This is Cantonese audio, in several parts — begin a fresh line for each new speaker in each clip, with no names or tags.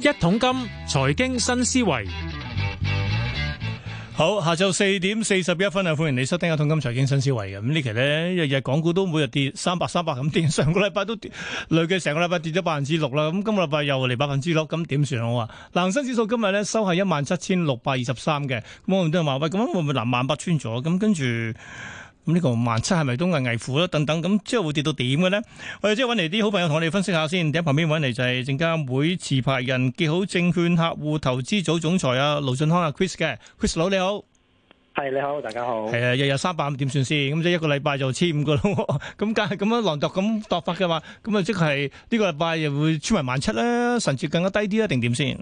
一桶金財經新思維，好，下晝四點四十一分啊，歡迎你收聽一桶金財經新思維嘅。咁呢期咧，日日港股都每日跌三百三百咁跌，上個禮拜都累計成個禮拜跌咗百分之六啦，咁今個禮拜又嚟百分之六，咁點算好啊？恒生指數今日咧收係一萬七千六百二十三嘅，咁我哋都有人話喂，咁會唔會難萬八穿咗？咁跟住。咁呢個萬七係咪都危危乎啦？等等，咁之後會跌到點嘅咧？我哋即係搵嚟啲好朋友同我哋分析下先。喺旁邊搵嚟就係證監會持牌人、結好證券客戶投資組總裁啊，盧駿匡啊，Chris 嘅，Chris 佬你好，係你
好，
大家好。係啊，日日三百點算先，咁即係一個禮拜就千五個咯。咁梗係咁樣浪奪咁度發嘅話，咁啊即係呢個禮拜又會穿埋萬七啦，甚至更加低啲啊？定點先？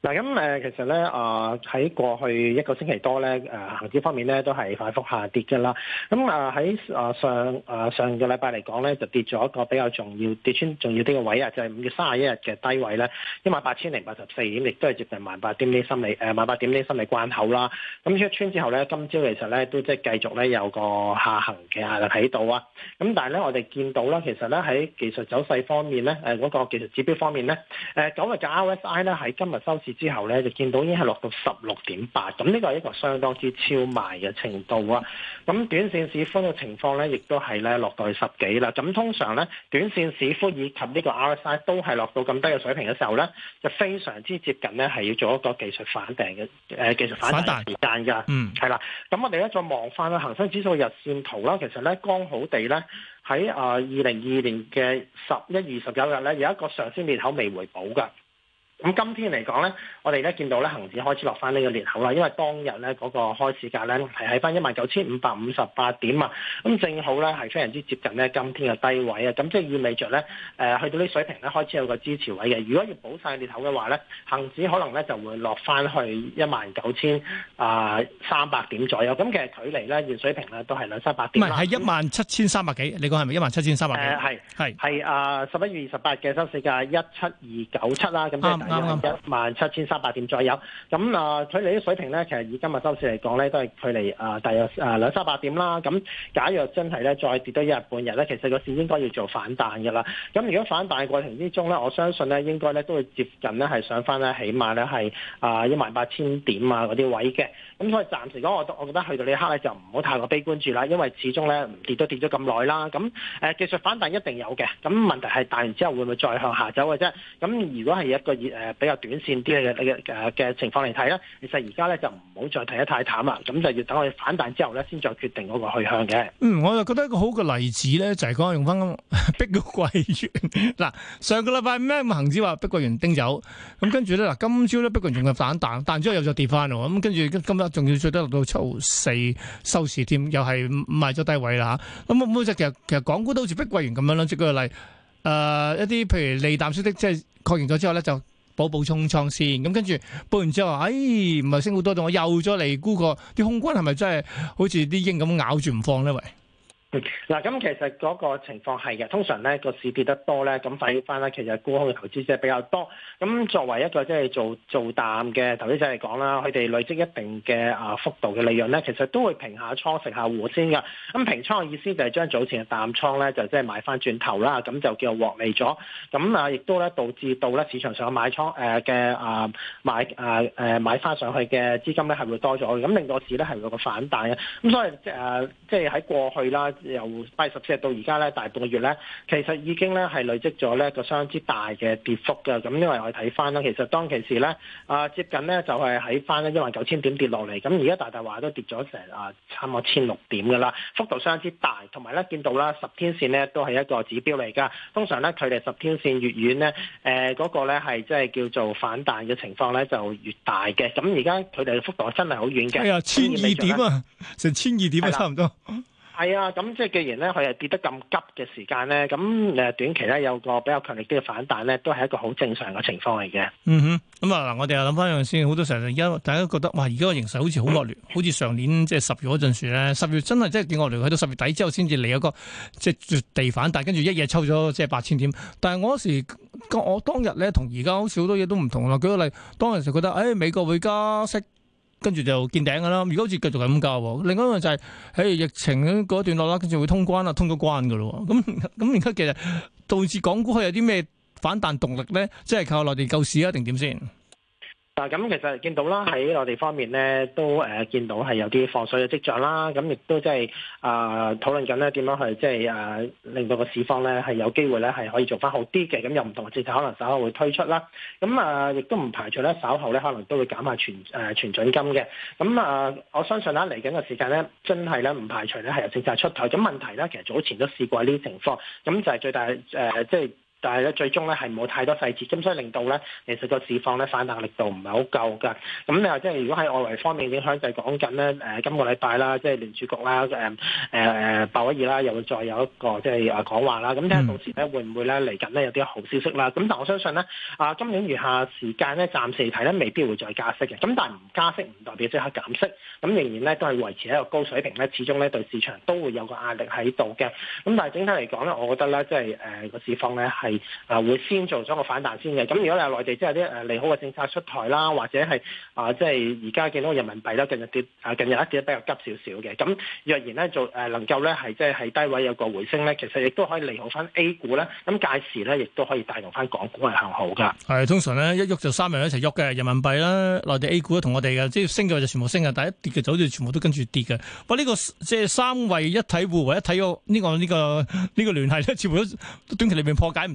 嗱咁誒，其實咧啊喺過去一個星期多咧，誒、呃、恒指方面咧都係快速下跌嘅啦。咁啊喺啊上啊、呃、上個禮拜嚟講咧，就跌咗一個比較重要跌穿重要啲嘅位啊，就係、是、五月三十一日嘅低位咧，一萬八千零八十四點，亦都係接近萬八點呢心理誒萬八點啲心理關口啦。咁一穿之後咧，今朝其實咧都即係繼續咧有個下行嘅壓力喺度啊。咁但係咧，我哋見到啦，其實咧喺技術走勢方面咧，誒、那、嗰個技術指標方面咧，誒、那、九日嘅 RSI 咧喺今日收之後咧就見到已經係落到十六點八，咁呢個係一個相當之超賣嘅程度啊！咁短線市寬嘅情況咧，亦都係咧落到去十幾啦。咁通常咧，短線市寬以及呢個 RSI 都係落到咁低嘅水平嘅時候咧，就非常之接近咧，係要做一個技術反定嘅誒、呃，技術反彈時間噶。彈對嗯，係啦。咁我哋咧再望翻個恒生指數日線圖啦，其實咧剛好地咧喺誒二零二二年嘅十一二十九日咧有一個上升缺口未回補噶。咁今天嚟講咧，我哋咧見到咧恆指開始落翻呢個裂口啦，因為當日咧嗰個開市價咧係喺翻一萬九千五百五十八點啊，咁正好咧係非常之接近咧今天嘅低位啊，咁即係意味著咧誒去到呢水平咧開始有個支持位嘅。如果要補曬裂口嘅話咧，恆指可能咧就會落翻去一萬九千啊三百點左右。咁其實距離咧呢水平咧都係兩三
百點。唔係，係一萬七千三百幾。你講係咪一萬七千三百幾？誒，係
係係啊，十一月二十八日嘅收市價一七二九七啦。咁即係。一萬七千三百點左右，咁啊佢哋啲水平咧，其實以今日收市嚟講咧，都係距離啊，大約啊兩三百點啦。咁、嗯、假若真係咧再跌多一日半日咧，其實個市應該要做反彈嘅啦。咁、嗯、如果反彈過程之中咧，我相信咧應該咧都會接近咧係上返咧起碼咧係啊一萬八千點啊嗰啲位嘅。咁、嗯、所以暫時講我，我覺得去到呢一刻咧就唔好太過悲觀住啦，因為始終咧唔跌都跌咗咁耐啦。咁、嗯、誒、呃、技術反彈一定有嘅。咁問題係彈完之後會唔會再向下走嘅啫？咁、嗯、如果係一個誒比較短線啲嘅嘅誒嘅情況嚟睇啦，其實而家咧就唔好再睇得太淡啦，咁就要等佢反彈之後咧，先再決定嗰個去向嘅。
嗯，我就覺得一個好嘅例子咧，就係、是、講用翻碧桂園嗱， 上個禮拜咩恒指話碧桂園釘走，咁跟住咧嗱，今朝咧碧桂園嘅反彈，但之後又再跌翻喎，咁跟住今日仲要最低落到七四收市添，又係賣咗低位啦嚇。咁、嗯、啊，其實其實其實港股都好似碧桂園咁樣啦、呃，即係個例誒，一啲譬如利淡消息即係確認咗之後咧就。補補充倉先，咁跟住補完之後，哎，唔係升好多度，我又再嚟沽過，啲空軍係咪真係好似啲鷹咁咬住唔放咧？喂！
嗱，咁、嗯、其實嗰個情況係嘅。通常咧個市跌得多咧，咁反映翻咧其實沽空嘅投資者比較多。咁作為一個即係做做淡嘅投資者嚟講啦，佢哋累積一定嘅啊幅度嘅利潤咧，其實都會平下倉食下糊先㗎。咁平倉嘅意思就係將早前嘅淡倉咧就即係買翻轉頭啦，咁就叫獲利咗。咁啊，亦都咧導致到咧市場上買倉誒嘅啊買啊誒、呃、買翻上去嘅資金咧係會多咗，咁令到市咧係有個反彈嘅。咁所以誒、呃呃，即係喺過去啦。由八十四日到而家咧，大半個月咧，其實已經咧係累積咗咧個相當之大嘅跌幅噶。咁因為我睇翻啦，其實當其時咧啊、呃，接近咧就係喺翻一萬九千點跌落嚟。咁而家大大話都跌咗成啊，差唔多千六點噶啦，幅度相當之大。同埋咧，見到啦，十天線咧都係一個指標嚟噶。通常咧，佢哋十天線越遠咧，誒、呃、嗰、那個咧係即係叫做反彈嘅情況咧就越大嘅。咁而家佢哋嘅幅度真係好遠嘅。係啊、哎，千二點啊，
成千二點啊，差唔多。
係啊，咁即係既然咧佢係跌得咁急嘅時間咧，咁誒短期咧有個比較強烈啲嘅反彈咧，都係一個好正常嘅情況嚟
嘅。嗯哼，咁啊嗱，我哋又諗翻樣先，好多時候而家大家覺得哇，而家個形勢好似、嗯、好惡劣，好似上年即係十月嗰陣時咧，十月真係真係幾惡劣，去到十月底之後先至嚟一個即係絕地反彈，跟住一夜抽咗即係八千點。但係我嗰時我當日咧同而家好似好多嘢都唔同啦。舉個例，當陣時覺得誒、哎、美國會加息。跟住就見頂噶啦，如果好似繼續係咁搞，另外一個就係，誒，喺疫情嗰段落啦，跟住會通關啊，通咗關噶咯，咁咁而家其實導致港股係有啲咩反彈動力咧，即係靠內地救市啊，定點先？
啊，咁、嗯、其實見到啦，喺內地方面咧，都誒、呃、見到係有啲放水嘅跡象啦。咁亦都即係啊、就是呃、討論緊咧，點樣去即係啊令到個市況咧係有機會咧係可以做翻好啲嘅。咁又唔同嘅政策可能稍後會推出啦。咁啊，亦都唔排除咧稍後咧可能都會減下存誒存準金嘅。咁啊，我相信啦，嚟緊嘅時間咧，真係咧唔排除咧係有政策出台。咁、啊、問題咧，其實早前都試過呢啲情況，咁、啊嗯、就係、是、最大誒、呃、即係。但係咧，最終咧係冇太多細節，咁所以令到咧，其實個市況咧反彈力度唔係好夠㗎。咁你話即係如果喺外圍方面影響，就係講緊咧誒，今個禮拜啦，即係聯儲局啦，誒誒誒鮑威爾啦，又會再有一個即係誒講話啦。咁睇下到時咧會唔會咧嚟緊咧有啲好消息啦。咁但我相信咧啊，今年餘下時間咧暫時睇咧未必會再加息嘅。咁但係唔加息唔代表即刻減息，咁仍然咧都係維持喺一個高水平咧，始終咧對市場都會有個壓力喺度嘅。咁但係整體嚟講咧，我覺得咧即係誒個市況咧係。係啊，會先做咗個反彈先嘅。咁如果你係內地，即係啲誒利好嘅政策出台啦，或者係啊、呃，即係而家見到人民幣咧，近日跌啊，近日一跌咧比較急少少嘅。咁若然咧做誒，能夠咧係即係喺低位有個回升咧，其實亦都可以利好翻 A 股咧。咁屆時咧，亦都可以帶動翻港股係向好噶。
係通常咧一喐就三樣一齊喐嘅，人民幣啦、內地 A 股啦，同我哋嘅即係升咗就全部升嘅，但一跌嘅就好似全部都跟住跌嘅。不過、這個！呢個即係三位一體互為一體、呢個呢、呢個呢、呢個呢、呢個聯繫咧，似乎都短期裏面破解唔。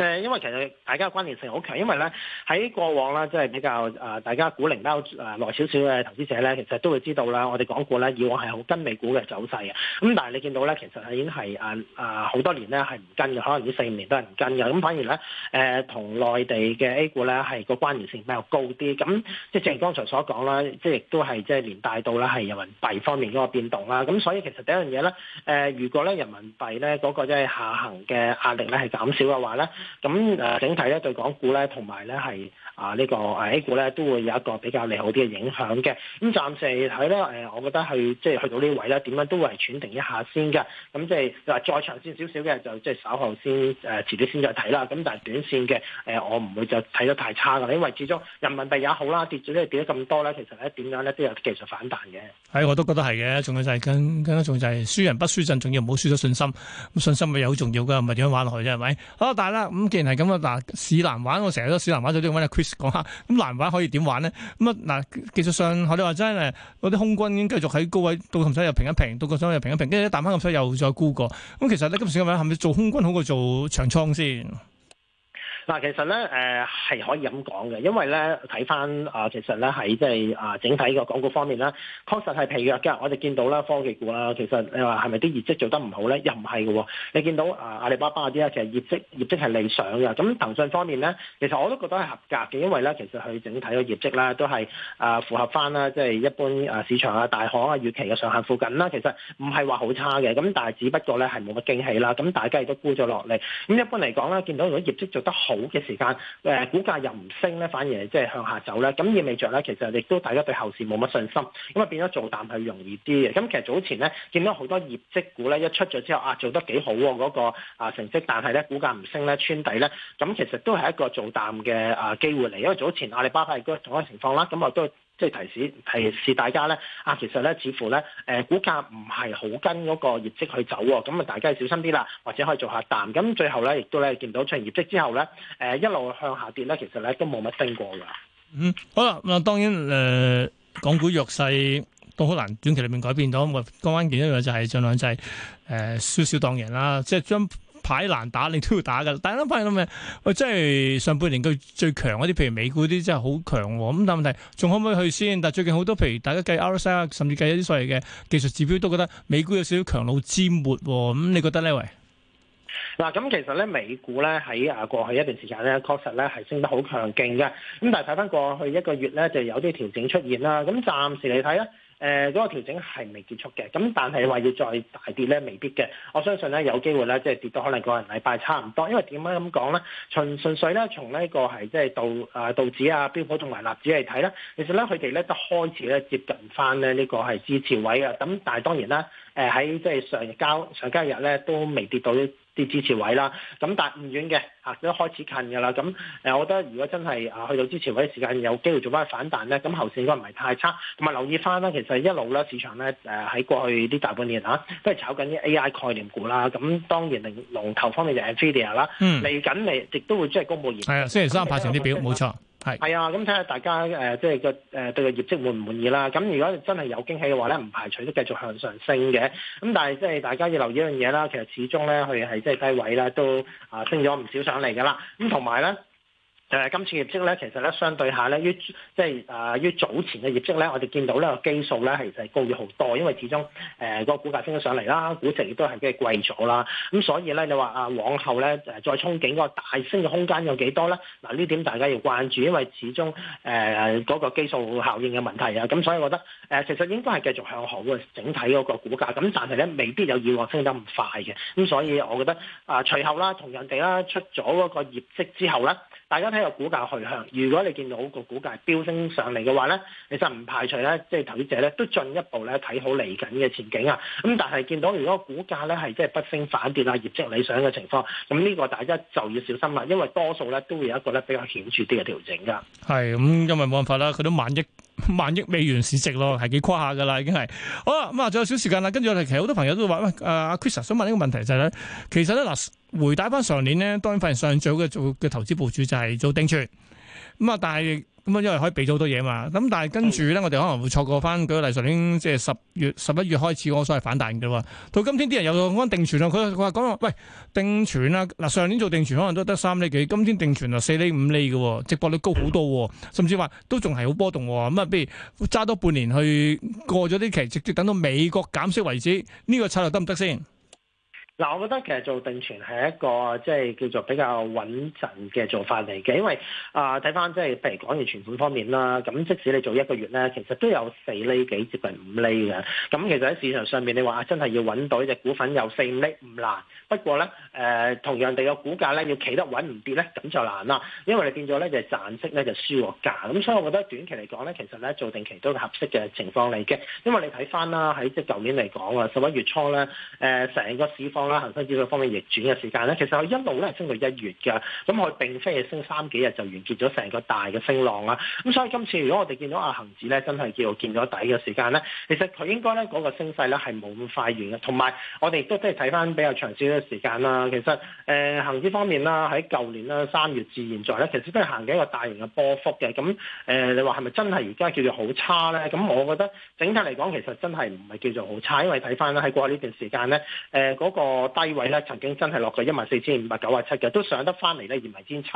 誒，因為其實大家嘅關聯性好強，因為咧喺過往啦，即係比較誒、呃，大家股齡耐少少嘅投資者咧，其實都會知道啦，我哋港股咧以往係好跟美股嘅走勢嘅，咁但係你見到咧，其實已經係誒誒好多年咧係唔跟嘅，可能已經四五年都係唔跟嘅，咁反而咧誒同內地嘅 A 股咧係個關聯性比較高啲，咁即係正如剛才所講啦，即係亦都係即係連帶到咧係人民幣方面嗰個變動啦，咁所以其實第一樣嘢咧誒，如果咧人民幣咧嗰個即係下行嘅壓力咧係減少嘅話咧。咁誒整體咧對港股咧同埋咧係啊呢個 A 股咧都會有一個比較利好啲嘅影響嘅。咁暫時睇咧誒，我覺得去即係去到呢位咧，點樣都會係喘停一下先嘅。咁即係話再長線少少嘅，就即係稍後先誒遲啲先再睇啦。咁但係短線嘅誒，我唔會就睇得太差嘅，因為始終人民幣也好啦，跌咗咧跌咗咁多咧，其實咧點樣咧都有技術反彈嘅。
係、哎，我都覺得係嘅。仲有就係更更加重要係輸人不輸陣，仲要唔好輸咗信心。咁信心咪又好重要㗎，唔係點樣玩落去啫係咪？好，但係咁既然係咁啊，嗱市難玩，我成日都市難玩，最多揾阿 Chris 講下。咁難玩可以點玩咧？咁啊嗱，技術上我哋話真係嗰啲空軍已經繼續喺高位，到咁使又平一平，到個時又平一平，跟住一啖翻咁使又再沽過。咁其實咧，今時咁樣係咪做空軍好過做長倉先？
嗱、呃呃，其實咧，誒係可以咁講嘅，因為咧睇翻啊，其實咧喺即係啊整體個港股方面咧，確實係疲弱嘅。我哋見到啦，科技股啦，其實你話係咪啲業績做得唔好咧？又唔係嘅。你見到啊阿里巴巴啲咧，其實業績業績係理想嘅。咁騰訊方面咧，其實我都覺得係合格嘅，因為咧其實佢整體嘅業績啦，都係啊符合翻啦，即係一般啊市場啊大行啊預期嘅上限附近啦。其實唔係話好差嘅，咁但係只不過咧係冇乜驚喜啦。咁大家亦都沽咗落嚟。咁一般嚟講咧，見到如果業績做得好，股嘅時間，誒股價又唔升咧，反而係即係向下走咧，咁意味着咧，其實亦都大家對後市冇乜信心，咁啊變咗做淡係容易啲嘅。咁其實早前咧，見到好多業績股咧一出咗之後啊，做得幾好嗰個啊成績，但係咧股價唔升咧穿底咧，咁其實都係一個做淡嘅啊機會嚟，因為早前阿里巴巴係個同樣情況啦，咁我都。即係提示提示大家咧，啊，其實咧似乎咧，誒、呃、股價唔係好跟嗰個業績去走喎，咁啊大家小心啲啦，或者可以做下淡。咁最後咧，亦都咧見到出完業績之後咧，誒、呃、一路向下跌咧，其實咧都冇乜升過㗎。嗯，
好啦，咁啊當然誒、呃，港股弱勢都好難短期裏面改變到。咁、呃、啊，關鍵一樣就係儘量就係誒少少當人啦，即係將。太難打，你都要打噶。但係諗翻諗下，我即係上半年佢最強嗰啲，譬如美股嗰啲，真係好強。咁但係問題，仲可唔可以去先？但係最近好多，譬如大家計 RSI，甚至計一啲所謂嘅技術指標，都覺得美股有少少強弩之末。咁、嗯、你覺得呢位？
嗱，咁其實咧，美股咧喺啊過去一段時間咧，確實咧係升得好強勁嘅。咁但係睇翻過去一個月咧，就有啲調整出現啦。咁暫時嚟睇咧。誒嗰、呃那個調整係未結束嘅，咁但係話要再大跌咧，未必嘅。我相信咧有機會咧，即係跌到可能個人禮拜差唔多。因為點解咁講咧？純純粹咧、那個，從呢個係即係道啊道指啊標普同埋納指嚟睇咧，其實咧佢哋咧都開始咧接近翻咧呢個係支持位啊。咁但係當然啦，誒喺即係上交上交易日咧都未跌到。支持位啦，咁但係唔遠嘅嚇，都開始近噶啦。咁誒，我覺得如果真係啊去到支持位，時間有機會做翻反彈咧，咁後市應該唔係太差。同埋留意翻咧，其實一路咧市場咧誒喺過去啲大半年嚇都係炒緊啲 AI 概念股啦。咁當然，令龍頭方面就 Nvidia 啦，嚟緊嚟亦都會即係公報熱。係啊，星期三派成啲表，冇錯。係係啊，咁睇下大家誒，即係個誒對個業績滿唔滿意啦。咁如果真係有驚喜嘅話咧，唔排除都繼續向上升嘅。咁但係即係大家要留意一樣嘢啦，其實始終咧佢係即係低位啦，都啊升咗唔少上嚟㗎喇。咁同埋咧。誒今次業績咧，其實咧相對下咧，於即係誒、呃、於早前嘅業績咧，我哋見到呢個基數咧其實係高咗好多，因為始終誒個、呃、股價升咗上嚟啦，股值亦都係嘅貴咗啦。咁所以咧，你話啊往後咧誒再憧憬個大升嘅空間有幾多咧？嗱呢點大家要關注，因為始終誒嗰、呃那個基數效應嘅問題啊。咁所以我覺得誒、呃、其實應該係繼續向好嘅整體嗰個股價。咁但係咧未必有以往升得咁快嘅。咁、啊、所以我覺得啊隨後啦，同人哋啦出咗嗰個業績之後咧。大家睇下，股價去向，如果你見到個股價飆升上嚟嘅話咧，其實唔排除咧，即係投資者咧都進一步咧睇好嚟緊嘅前景啊。咁但係見到如果個股價咧係即係不升反跌啊，業績理想嘅情況，咁、這、呢個大家就要小心啦，因為多數咧都會有一個咧比較顯著啲嘅調整㗎。係咁、嗯，
因為冇辦法啦，佢都萬億。萬億美元市值咯，係幾誇下噶啦，已經係好啦。咁啊，仲有少時間啦，跟住我哋其實好多朋友都話，喂、呃，阿 Chris 想問呢個問題就係、是、咧，其實咧嗱，回答翻上年咧，當然發現上年最好嘅做嘅投資部署就係做定存，咁啊，但係。咁啊，因為可以避咗好多嘢嘛。咁但係跟住咧，我哋可能會錯過翻舉例，上年即係十月十一月開始我所謂反彈嘅咯。到今天啲人又安定存啦。佢佢話講喂，定存啦。嗱上年做定存可能都得三厘幾，今天定存就四厘五厘嘅，值博率高好多，甚至話都仲係好波動。咁啊，不如揸多半年去過咗啲期，直接等到美國減息為止，呢、這個策略得唔得先？
嗱，我覺得其實做定存係一個即係叫做比較穩陣嘅做法嚟嘅，因為啊睇翻即係譬如講完存款方面啦，咁即使你做一個月咧，其實都有四厘幾接近五厘嘅。咁其實喺市場上面，你話啊真係要揾到呢隻股份有四五厘唔難，不過咧誒、呃，同樣地個股價咧要企得穩唔跌咧，咁就難啦。因為你變咗咧就賺息咧就輸個價，咁所以我覺得短期嚟講咧，其實咧做定期都係合適嘅情況嚟嘅，因為你睇翻啦喺即係舊年嚟講啊，十一月初咧誒成個市況。恒生指數方面逆轉嘅時間咧，其實佢一路咧升到一月嘅，咁佢並非係升三幾日就完結咗成個大嘅升浪啦。咁所以今次如果我哋見到阿恒指咧，真係叫見咗底嘅時間咧，其實佢應該咧嗰個升勢咧係冇咁快完嘅。同埋我哋亦都都係睇翻比較長少少嘅時間啦。其實誒恆指方面啦，喺舊年啦三月至現在咧，其實都係行緊一個大型嘅波幅嘅。咁誒你話係咪真係而家叫做好差咧？咁我覺得整體嚟講，其實真係唔係叫做好差，因為睇翻啦喺過去呢段時間咧，誒嗰個個低位咧，曾經真係落過一萬四千五百九啊七嘅，都上得翻嚟咧二萬千七。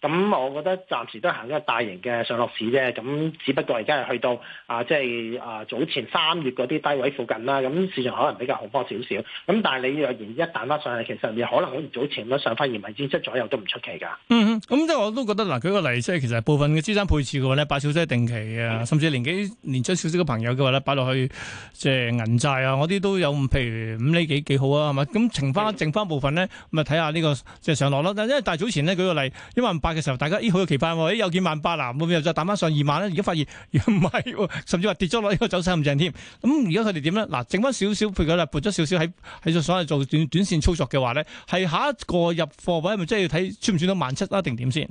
咁我覺得暫時都行緊個大型嘅上落市啫。咁只不過而家係去到啊，即係啊早前三月嗰啲低位附近啦。咁、嗯、市場可能比較恐慌少少。咁但係你若然一旦彈上去，其實你可能好早前都上翻二萬千七左右都唔出奇㗎。
咁即係我都覺得嗱，舉個例即係其實部分嘅資產配置嘅話咧，八小姐定期啊，甚至年紀年長少少嘅朋友嘅話咧，擺落去即係銀債啊，我啲都有譬如五釐幾幾好啊，係咪？咁剩翻剩翻部分咧，咁咪睇下呢個就上落咯。但因為大早前咧舉個例，一萬八嘅時候，大家咦好有期盼喎，咦，咦有幾萬八啊，會唔會又再打翻上二萬咧？而家發現唔係喎，甚至話跌咗落呢個走勢咁正添。咁而家佢哋點咧？嗱，剩翻少少盤嗰度撥咗少少喺喺所謂做短短線操作嘅話咧，係下一個入貨位咪即係要睇穿唔穿到萬七啊定點先？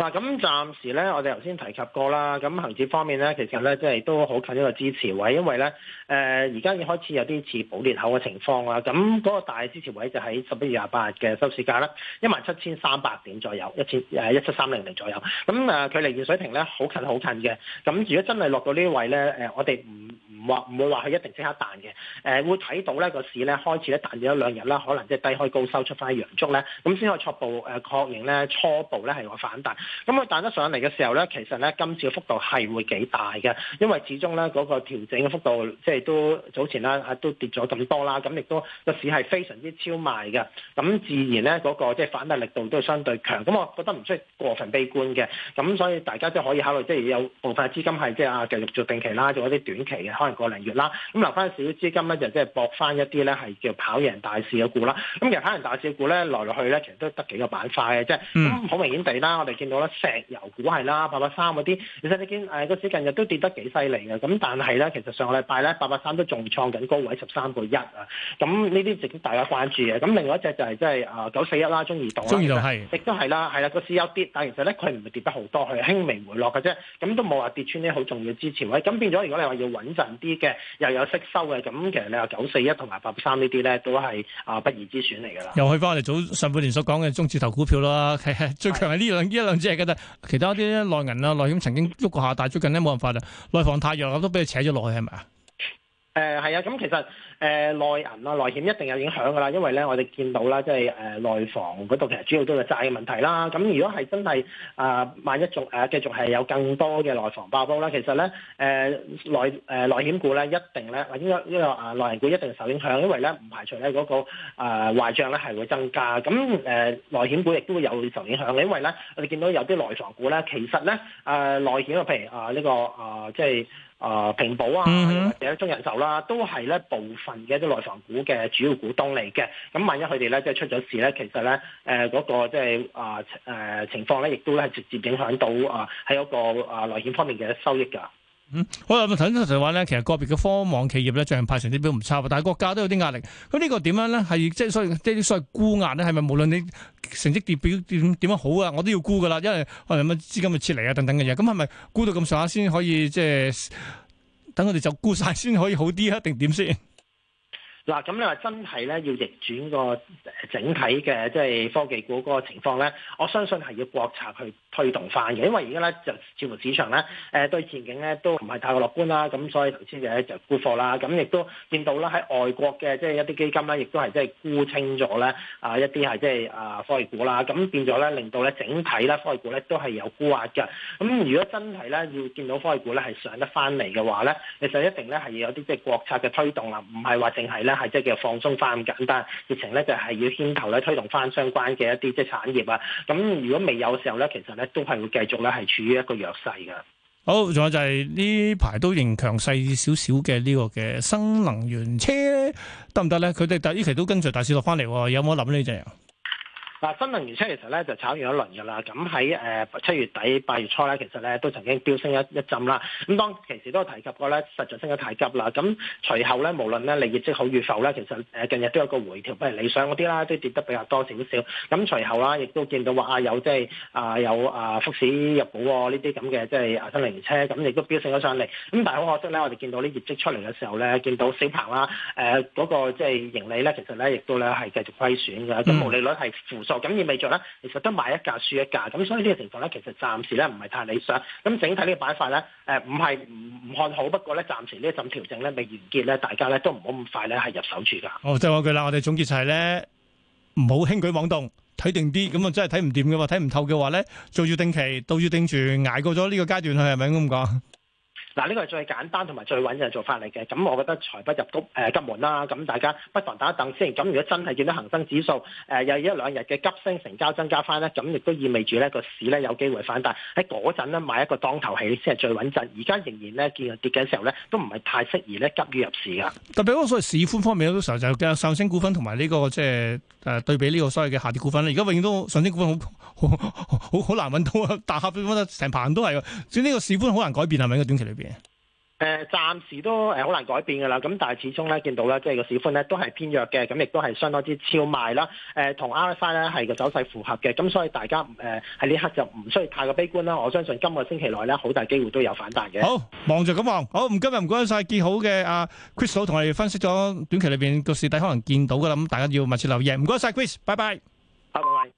嗱，咁暫時咧，我哋頭先提及過啦。咁恆指方面咧，其實咧，即係都好近一個支持位，因為咧，誒、呃，而家已開始有啲似補裂口嘅情況啦。咁嗰個大支持位就喺十一月廿八日嘅收市價啦，一萬七千三百點左右，一千誒一七三零零左右。咁誒，距離現水平咧，好近好近嘅。咁如果真係落到位呢位咧，誒，我哋唔～唔話唔會話佢一定即刻彈嘅，誒會睇到咧個市咧開始咧彈咗一兩日啦，可能即係低開高收出翻啲陽燭咧，咁先可以初步誒確認咧初步咧係個反彈。咁佢彈得上嚟嘅時候咧，其實咧今次嘅幅度係會幾大嘅，因為始終咧嗰個調整嘅幅度即係都早前啦，都跌咗咁多啦，咁亦都個市係非常之超賣嘅，咁自然咧嗰個即係反彈力度都係相對強。咁我覺得唔需要過分悲觀嘅，咁所以大家即係可以考慮，即係有部分資金係即係啊繼續做定期啦，做一啲短期嘅。個零月啦，咁留翻少少資金咧，就即係搏翻一啲咧係叫跑贏大市嘅股啦。咁其實跑贏大市股咧來來去咧，其實都得幾個板塊嘅即係。咁好、嗯嗯、明顯地啦，我哋見到咧石油股係啦，八八三嗰啲。其實你見誒個市近日都跌得幾犀利嘅。咁但係咧，其實上個禮拜咧八八三都仲創緊高位十三個一啊。咁呢啲值得大家關注嘅。咁另外一隻就係即係啊九四一啦，呃、41，中移動啦，亦都係啦，係啦個市有跌，但係其實咧佢唔係跌得好多，佢輕微回落嘅啫。咁都冇話跌穿啲好重要支持位。咁變咗如果你話要穩陣。啲嘅又有息收嘅，咁其實你話九四一同埋八三呢啲咧，都係啊不二之選嚟
噶啦。又去翻我哋早上半年所講嘅中字頭股票啦，係 係最強係呢兩呢一兩隻嘅啫，其他啲內銀啊內險曾經喐過下，但係最近咧冇辦法啦，內房太弱我都俾佢扯咗落去係咪啊？
誒係、嗯、啊，咁、嗯啊、其實誒、呃、內銀啊內險一定有影響噶啦，因為咧我哋見到啦，即係誒、呃、內房嗰度其實主要都係債嘅問題啦。咁如果係真係啊、呃、萬一續誒、啊、繼續係有更多嘅內房爆煲啦，其實咧誒、呃、內誒、呃、內險股咧一定咧呢個呢個啊內銀股一定受影響，因為咧唔排除咧、那、嗰個啊、呃、壞帳咧係會增加。咁誒、呃、內險股亦都會有受影響嘅，因為咧我哋見到有啲內房股咧其實咧誒內險啊，譬如啊呢個啊即係。呃呃呃呃呃呃呃啊，uh huh. 平保啊，或者中人壽啦，都係咧部分嘅一啲內房股嘅主要股東嚟嘅。咁萬一佢哋咧即係出咗事咧，其實咧誒嗰個即係啊誒情況咧，亦都咧係直接影響到啊喺嗰個啊內險方面嘅收益噶。
嗯，我又咪頭先頭就話咧，其實個別嘅科網企業咧最近派成績表唔差，但係國家都有啲壓力。咁呢個點樣咧？係即係所以即係所謂沽壓咧？係咪無論你成績表點點樣好啊，我都要沽㗎喇，因為可能乜資金嘅撤離啊等等嘅嘢。咁係咪沽到咁上下先可以即係等佢哋就沽晒先可以好啲啊？定點先？
嗱，咁你話真係咧要逆轉個整體嘅即係科技股嗰個情況咧，我相信係要國策去推動翻嘅，因為而家咧就全部市場咧誒對前景咧都唔係太過樂觀啦，咁所以頭先就沽貨啦，咁亦都見到啦喺外國嘅即係一啲基金咧，亦都係即係沽清咗咧啊一啲係即係啊科技股啦，咁變咗咧令到咧整體咧科技股咧都係有沽壓嘅，咁如果真係咧要見到科技股咧係上得翻嚟嘅話咧，其實一定咧係要有啲即係國策嘅推動啦，唔係話淨係咧。係即係放鬆翻咁簡單，疫情咧就係要牽頭咧推動翻相關嘅一啲即係產業啊。咁如果未有嘅時候咧，其實咧都係會繼續咧係處於一個弱勢噶。
好，仲有就係呢排都仍強勢少少嘅呢個嘅新能源車得唔得咧？佢哋但呢期都跟隨大市落翻嚟，有冇得諗呢咧？就
嗱，新能源車其實咧就炒完一輪㗎啦，咁喺誒七月底八月初咧，其實咧都曾經飆升一一陣啦。咁當其時都提及過咧，實在升得太急啦。咁隨後咧，無論咧你業績好與否咧，其實誒近日都有個回調，不如理想嗰啲啦，都跌得比較多少少。咁隨後啦，亦都見到話有即係啊有啊福士入保呢啲咁嘅即係啊新能源車，咁亦都飆升咗上嚟。咁但係好可惜咧，我哋見到啲業績出嚟嘅時候咧，見到小鵬啦誒嗰個即係盈利咧，其實咧亦都咧係繼續虧損嘅。咁毛利率係負。就緊咁意味著咧，其實都買一架輸一架，咁所以呢個情況咧，其實暫時咧唔係太理想。咁整體呢個板塊咧，誒唔係唔唔看好，不過咧暫時呢一陣調整咧未完結咧，大家咧都唔好咁快咧係入手住噶。
哦，就嗰句啦，我哋總結就係咧，唔好輕舉妄動，睇定啲。咁啊，真係睇唔掂嘅話，睇唔透嘅話咧，做住定期，到住定住捱過咗呢個階段去，係咪咁講？
嗱，呢個係最簡單同埋最穩陣嘅做法嚟嘅，咁我覺得財不入屋，誒、呃、急門啦，咁大家不妨等一等先。咁如果真係見到恒生指數誒、呃、有一兩日嘅急升，成交增加翻咧，咁亦都意味住咧個市咧有機會反彈，喺嗰陣咧買一個當頭起先係最穩陣。而家仍然咧見到跌嘅時候咧，都唔係太適宜咧急於入市噶。
特別嗰個所謂市寬方面，有啲時候就嘅上升股份同埋呢個即係誒對比呢個所謂嘅下跌股份咧。而家永遠都上升股份。好。好 好難揾到啊！大客人排都揾得成棚都係，所以呢個市寬好難改變係咪？喺短期裏邊？
誒、呃，暫時都誒好難改變噶啦。咁但係始終咧，見到咧，即係個市寬咧都係偏弱嘅。咁亦都係相當之超賣啦。誒、呃，同 RSI 咧係個走勢符合嘅。咁、嗯、所以大家誒喺呢刻就唔需要太過悲觀啦。我相信今個星期內咧，好大機會都有
反彈嘅。好，望住咁望。好，唔今日唔該晒，見好嘅阿、啊、Chris 同我哋分析咗短期裏邊個市底可能見到噶啦。咁大家要密切留意。唔該晒，Chris，拜拜，拜拜。